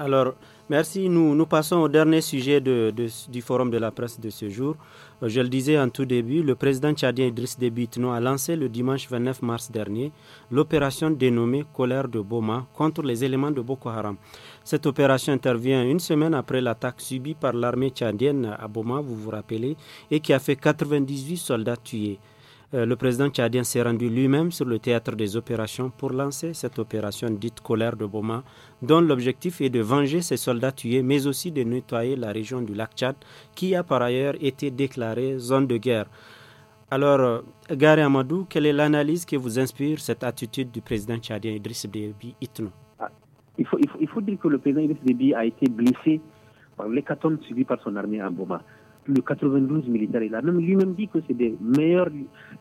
Alors, merci. Nous, passons au dernier sujet du forum de la presse de ce jour. Euh, je le disais en tout début, le président tchadien Idriss Déby a lancé le dimanche 29 mars dernier l'opération dénommée Colère de Boma contre les éléments de Boko Haram. Cette opération intervient une semaine après l'attaque subie par l'armée tchadienne à Boma, vous vous rappelez, et qui a fait 98 soldats tués. Euh, le président tchadien s'est rendu lui-même sur le théâtre des opérations pour lancer cette opération dite colère de Boma, dont l'objectif est de venger ses soldats tués, mais aussi de nettoyer la région du lac Tchad, qui a par ailleurs été déclarée zone de guerre. Alors, euh, Gary Amadou, quelle est l'analyse qui vous inspire cette attitude du président tchadien Idriss Déby Itno ah, il faut, il, faut, dire que le président Idriss Déby a été blessé par l'hécatombe suivi par son armée à Boma le 92 militaire. Il a même lui-même dit que c'est des meilleurs,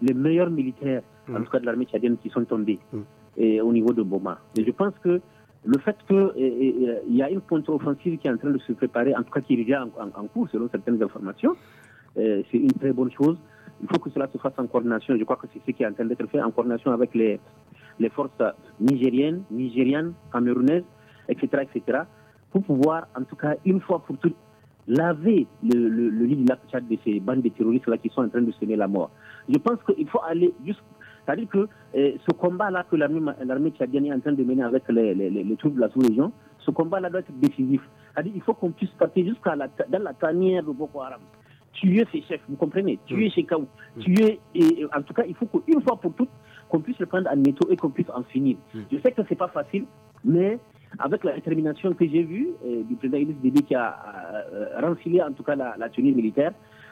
les meilleurs militaires, en mm. tout cas de l'armée tchadienne, qui sont tombés mm. au niveau de Boma. Mais je pense que le fait qu'il y a une contre-offensive qui est en train de se préparer, en tout cas qui est déjà en, cours selon certaines informations, c'est une très bonne chose. Il faut que cela se fasse en coordination. Je crois que c'est ce qui est en train d'être fait en coordination avec les, les forces nigériennes, nigérianes, camerounaises, etc., etc., pour pouvoir, en tout cas, une fois pour toutes, laver le, le, lit du lac Tchad de ces bandes de terroristes-là qui sont en train de semer la mort. Je pense qu'il faut aller jusqu'à c'est-à-dire que euh, ce combat-là que l'armée tchadienne est en train de mener avec les, les, troupes de la sous-région, ce combat-là doit être décisif. C'est-à-dire qu'il faut qu'on puisse partir jusqu'à la, dans la tanière de Boko Haram. Tuer ses chefs, vous comprenez mmh. Tuer ses mmh. Tuer, et, en tout cas, il faut qu'une fois pour toutes, qu'on puisse le prendre en métaux et qu'on puisse en finir. Mmh. Je sais que ce n'est pas facile, mais avec la détermination que j'ai vue euh, du président Idriss Déby qui a en tout cas la, la tenue militaire,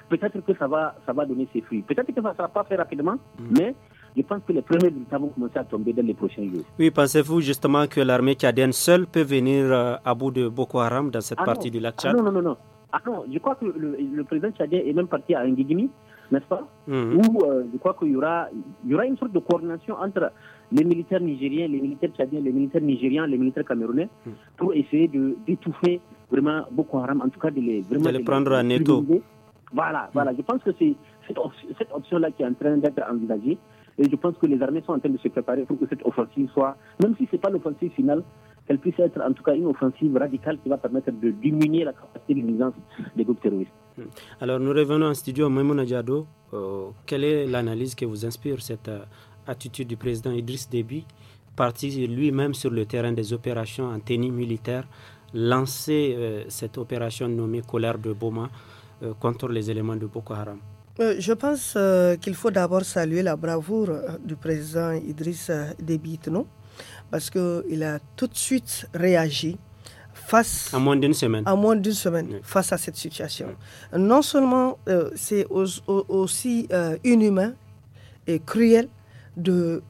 peut-être que ça va, ça va donner ses fruits. Peut-être que ça ne sera pas fait rapidement, mm. mais je pense que les premiers résultats vont commencer à tomber dans les prochains jours. Oui, pensez-vous justement que l'armée tchadienne seule peut venir euh, à bout de Boko Haram dans cette ah partie de du lac Tchad ah Non, non, ah non. je crois que le, président tchadien est même parti à Ngigimi, n'est-ce pas mm. Où euh, je crois qu'il y aura, il y aura une sorte de coordination entre les militaires nigériens, les militaires tchadiens, les militaires nigériens, les militaires camerounais, hmm. pour essayer d'étouffer vraiment Boko Haram, en tout cas de les, vraiment, prendre à netto. Voilà, hmm. voilà. Je pense que c'est cette, option-là qui est en train d'être envisagée. Et je pense que les armées sont en train de se préparer pour que cette offensive soit, même si ce n'est pas l'offensive finale, qu'elle puisse être en tout cas une offensive radicale qui va permettre de diminuer la capacité de nuisance des groupes terroristes. Hmm. Alors nous revenons en studio, Maimouna Diado. Euh, quelle est l'analyse qui vous inspire cette, euh, attitude du président Idriss Déby, parti lui-même sur le terrain des opérations en tenue militaire, lancer euh, cette opération nommée Colère de Boma euh, contre les éléments de Boko Haram euh, je pense qu'il faut d'abord saluer la bravoure du président Idriss Déby non parce qu'il a tout de suite réagi face à moins d'une semaine, à moins d'une semaine face à cette situation. Non seulement c'est aussi inhumain et cruel de,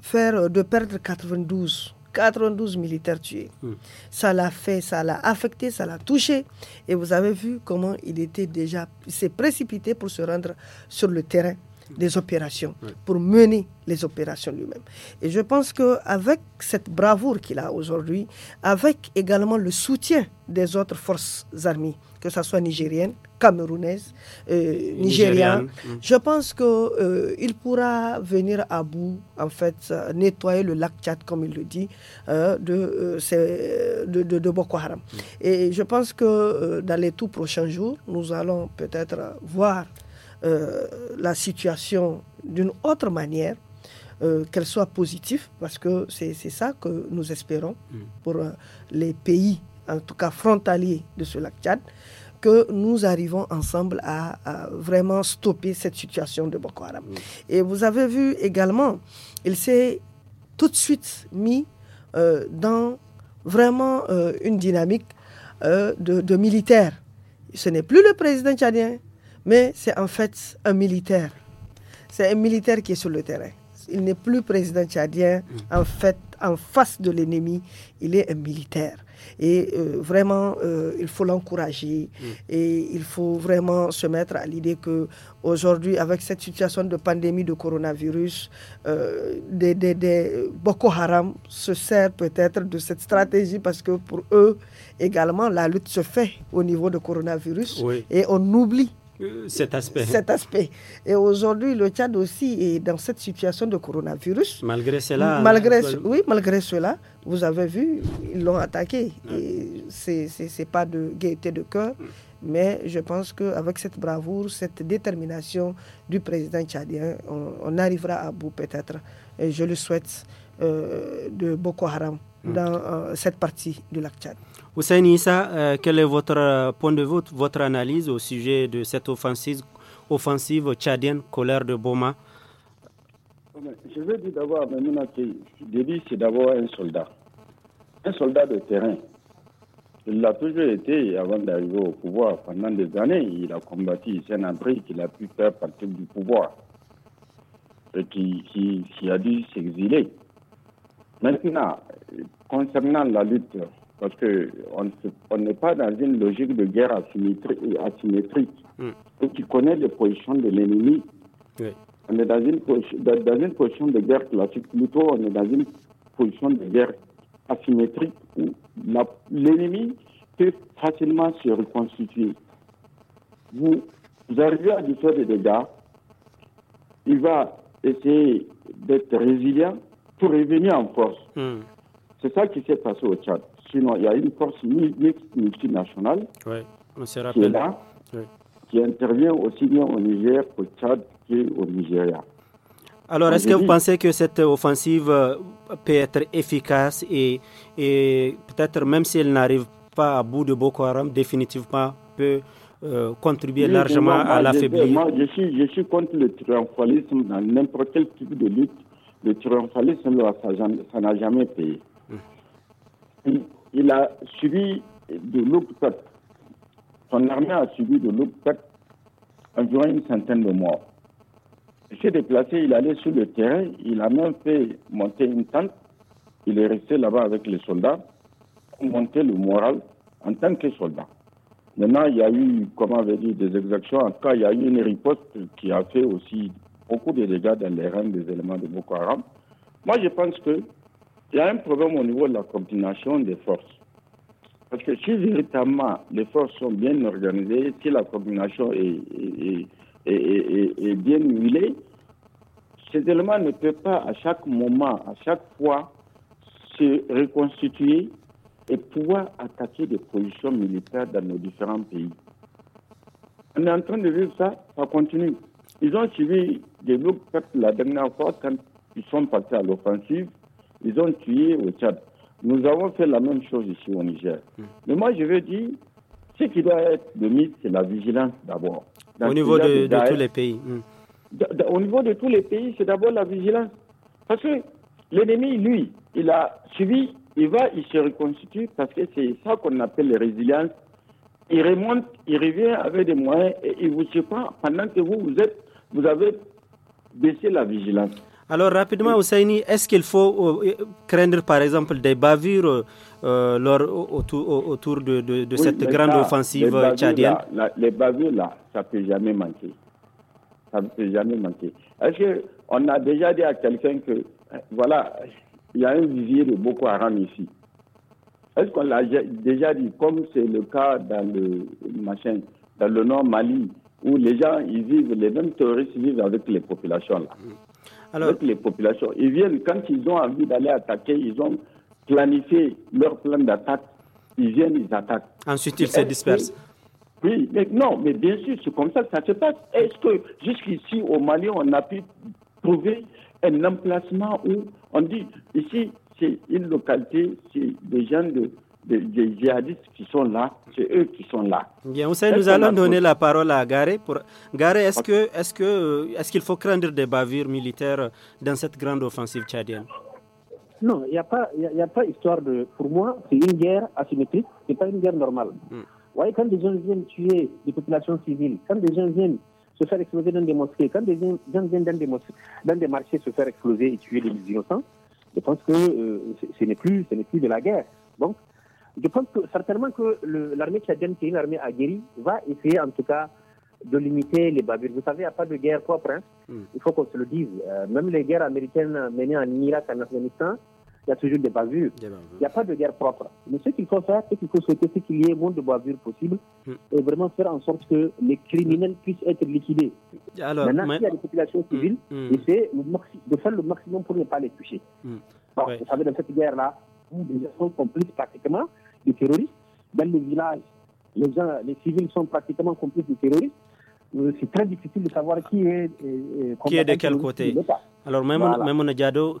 faire, de perdre 92 92 militaires tués. Hmm. Ça l'a fait, ça l'a affecté, ça l'a touché. Et vous avez vu comment il était déjà, s'est précipité pour se rendre sur le terrain des opérations, pour mener les opérations lui-même. Et je pense qu'avec cette bravoure qu'il a aujourd'hui, avec également le soutien des autres forces armées, que ce soit nigérienne, camerounaise, euh, nigérienne. Mm. Je pense qu'il euh, pourra venir à bout, en fait, euh, nettoyer le lac Tchad, comme il le dit, euh, de, de, Boko Haram. Mm. Et je pense que dans les tout prochains jours, nous allons peut-être voir la situation d'une autre manière. qu'elle soit positive, parce que c'est ça que nous espérons mm. pour les pays, en tout cas frontaliers de ce lac Tchad que nous arrivons ensemble à, vraiment stopper cette situation de Boko Haram. Et vous avez vu également, il s'est tout de suite mis euh, dans vraiment euh, une dynamique euh, de, de militaire. Ce n'est plus le président tchadien, mais c'est en fait un militaire. C'est un militaire qui est sur le terrain. Il n'est plus président tchadien, en fait, en face de l'ennemi, il est un militaire. Et euh, vraiment, euh, il faut l'encourager mm. et il faut vraiment se mettre à l'idée que aujourd'hui, avec cette situation de pandémie de coronavirus, euh, des, des, des, Boko Haram se sert peut-être de cette stratégie parce que pour eux également, la lutte se fait au niveau de coronavirus et on oublie cet aspect. Cet aspect. Et aujourd'hui, le Tchad aussi est dans cette situation de coronavirus. Malgré cela. Malgré, oui, malgré cela, vous avez vu, ils l'ont attaqué. Ce n'est pas de gaieté de cœur, mais je pense qu'avec cette bravoure, cette détermination du président tchadien, on, arrivera à bout peut-être. Et je le souhaite euh, de Boko Haram dans euh, cette partie du lac Tchad. Hussein Issa, euh, quel est votre euh, point de vue, votre analyse au sujet de cette offensive, offensive tchadienne colère de Boma Je veux dire d'abord que c'est d'abord un soldat. Un soldat de terrain. Il l'a toujours été avant d'arriver au pouvoir. Pendant des années, il a combattu. C'est un abri qu'il a pu faire partie du pouvoir. Et qui a dû s'exiler. Maintenant, concernant la lutte parce qu'on on n'est pas dans une logique de guerre asymétrique. Et Donc, connais connaît les positions de l'ennemi. On est dans une, position de guerre classique, plutôt on est dans une position de guerre asymétrique où l'ennemi peut facilement se reconstituer. Vous, arrivez à lui faire des dégâts, il va essayer d'être résilient pour revenir en force. Mm. C'est ça qui s'est passé au Tchad. Sinon, il y a une force multinationale qui est là, qui intervient aussi bien au Niger qu'au Tchad qu'au Nigeria. Alors, est-ce que vous pensez que cette offensive euh, peut être efficace et, peut-être même si elle n'arrive pas à bout de Boko Haram, définitivement peut euh, contribuer largement à l'affaiblir je suis, je suis contre le triomphalisme dans n'importe quel type de lutte. Le triomphalisme, ça n'a jamais payé il a subi de l'OCPAT. Son armée a subi de l'OCPAT environ une centaine de morts. Il s'est déplacé, il allait sur le terrain, il a même fait monter une tente. Il est resté là-bas avec les soldats pour monter le moral en tant que soldat. Maintenant, il y a eu, comment dire, des exactions. En tout cas, il y a eu une riposte qui a fait aussi beaucoup de dégâts dans les rangs des éléments de Boko Haram. Moi, je pense que il y a un problème au niveau de la coordination des forces. Parce que si véritablement les forces sont bien organisées, si la coordination est, bien huilée, ces éléments ne peuvent pas à chaque moment, à chaque fois, se reconstituer et pouvoir attaquer des positions militaires dans nos différents pays. On est en train de vivre ça, ça continue. Ils ont suivi des groupes la dernière fois quand ils sont partis à l'offensive. Ils ont tué au Tchad. Nous avons fait la même chose ici au Niger. Hmm. Mais moi, je veux dire, ce qui doit être de mythe, c'est la vigilance d'abord. Au niveau de, tous les pays. Hmm. au niveau de tous les pays, c'est d'abord la vigilance. Parce que l'ennemi, lui, il a suivi, il va, il se reconstitue, parce que c'est ça qu'on appelle la résilience. Il remonte, il revient avec des moyens et il vous surprend pendant que vous, vous êtes, vous avez baissé la vigilance. Alors rapidement, Ousseini, est-ce qu'il faut euh, craindre par exemple des bavures euh, lors, autour, de, cette grande offensive tchadienne Les bavures là, ça ne peut jamais manquer. Ça ne peut jamais manquer. Est-ce qu'on a déjà dit à quelqu'un que, euh, voilà, il y a un vivier de Boko Haram ici Est-ce qu'on l'a déjà dit, comme c'est le cas dans le, dans le nord Mali, où les gens, ils vivent, les mêmes terroristes vivent avec les populations là mm. Alors... les populations. Ils viennent, quand ils ont envie d'aller attaquer, ils ont planifié leur plan d'attaque. Ils viennent, ils attaquent. Ensuite, ils se dispersent. Oui, mais non, mais bien sûr, c'est comme ça que ça se passe. Est-ce que jusqu'ici, au Mali, on a pu trouver un emplacement où on dit, ici, c'est une localité, c'est des gens de des djihadistes qui sont là, c'est eux qui sont là. Bien, sait nous allons donner la parole à Garé. Pour... Garé, est-ce que est-ce que euh, est-ce qu'il faut craindre des bavures militaires dans cette grande offensive tchadienne Non, il n'y a pas il a pas histoire de. Pour moi, c'est une guerre asymétrique. C'est pas une guerre normale. Vous hmm. voyez, quand des gens viennent tuer des populations civiles, quand des gens viennent se faire exploser dans des mosquées, quand des gens viennent dans des marchés se faire exploser et tuer des innocents, je pense que euh, ce n'est plus ce n'est plus de la guerre. Donc je pense que certainement que l'armée tchadienne, qui est une armée aguerrie, va essayer en tout cas de limiter les bavures. Vous savez, il n'y a pas de guerre propre. Hein. Hmm. Il faut qu'on se le dise. Euh, même les guerres américaines menées en Irak, en Afghanistan, il y a toujours des bavures. Il n'y a pas de guerre propre. Mais ce qu'il faut faire, ce qu'il faut souhaiter, c'est qu'il y ait moins de bavures possible hmm. et vraiment faire en sorte que les criminels puissent être liquidés. Alors, Maintenant, mais... il y a des populations hmm. civiles, c'est de faire le maximum pour ne pas les toucher. Vous savez, dans cette guerre-là, où les gens sont complices pratiquement, du terroristes. Dans les villages, les gens, les civils sont pratiquement complices du terroristes. Euh, C'est très difficile de savoir qui est, euh, euh, qui est de quel côté. Alors, même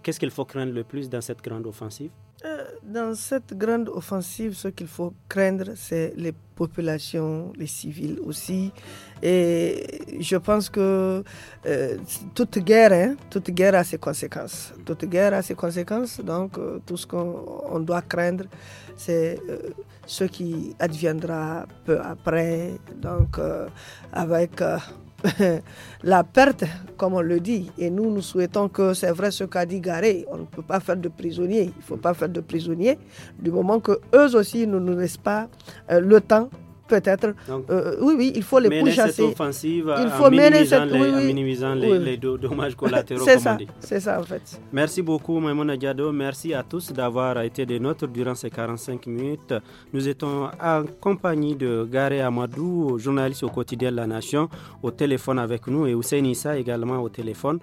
qu'est-ce qu'il faut craindre le plus dans cette grande offensive euh, Dans cette grande offensive, ce qu'il faut craindre, c'est les populations, les civils aussi. Et je pense que euh, toute guerre, hein, toute guerre a ses conséquences. Toute guerre a ses conséquences. Donc, euh, tout ce qu'on doit craindre, c'est ce qui adviendra peu après. Donc, avec la perte, comme on le dit, et nous, nous souhaitons que c'est vrai ce qu'a dit Garé, on ne peut pas faire de prisonniers, il ne faut pas faire de prisonniers, du moment que eux aussi ne nous laissent pas euh, le temps peut-être. Euh, oui, oui, il faut les mener il faut mener cette... offensive En minimisant les, dommages collatéraux. c'est ça, c'est ça en fait. Merci beaucoup Maimouna Diado, merci à tous d'avoir été des nôtres durant ces 45 minutes. Nous étions en compagnie de Garé Amadou, journaliste au quotidien La Nation, au téléphone avec nous et Hussein Issa également au téléphone.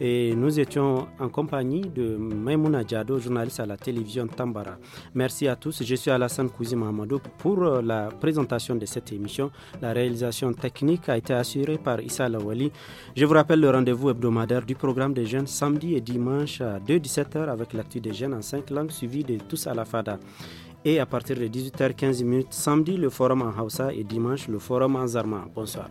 Et nous étions en compagnie de Maimouna Diado, journaliste à la télévision Tambara. Merci à tous, je suis Alassane cousine Mahamadou pour la présentation de cette émission. La réalisation technique a été assurée par Issa Lawali. Je vous rappelle le rendez-vous hebdomadaire du programme des jeunes samedi et dimanche à 2-17h avec l'actu des jeunes en 5 langues suivi de tous à la FADA. Et à partir de 18h15 samedi, le forum en Hausa et dimanche, le forum en Zarma. Bonsoir.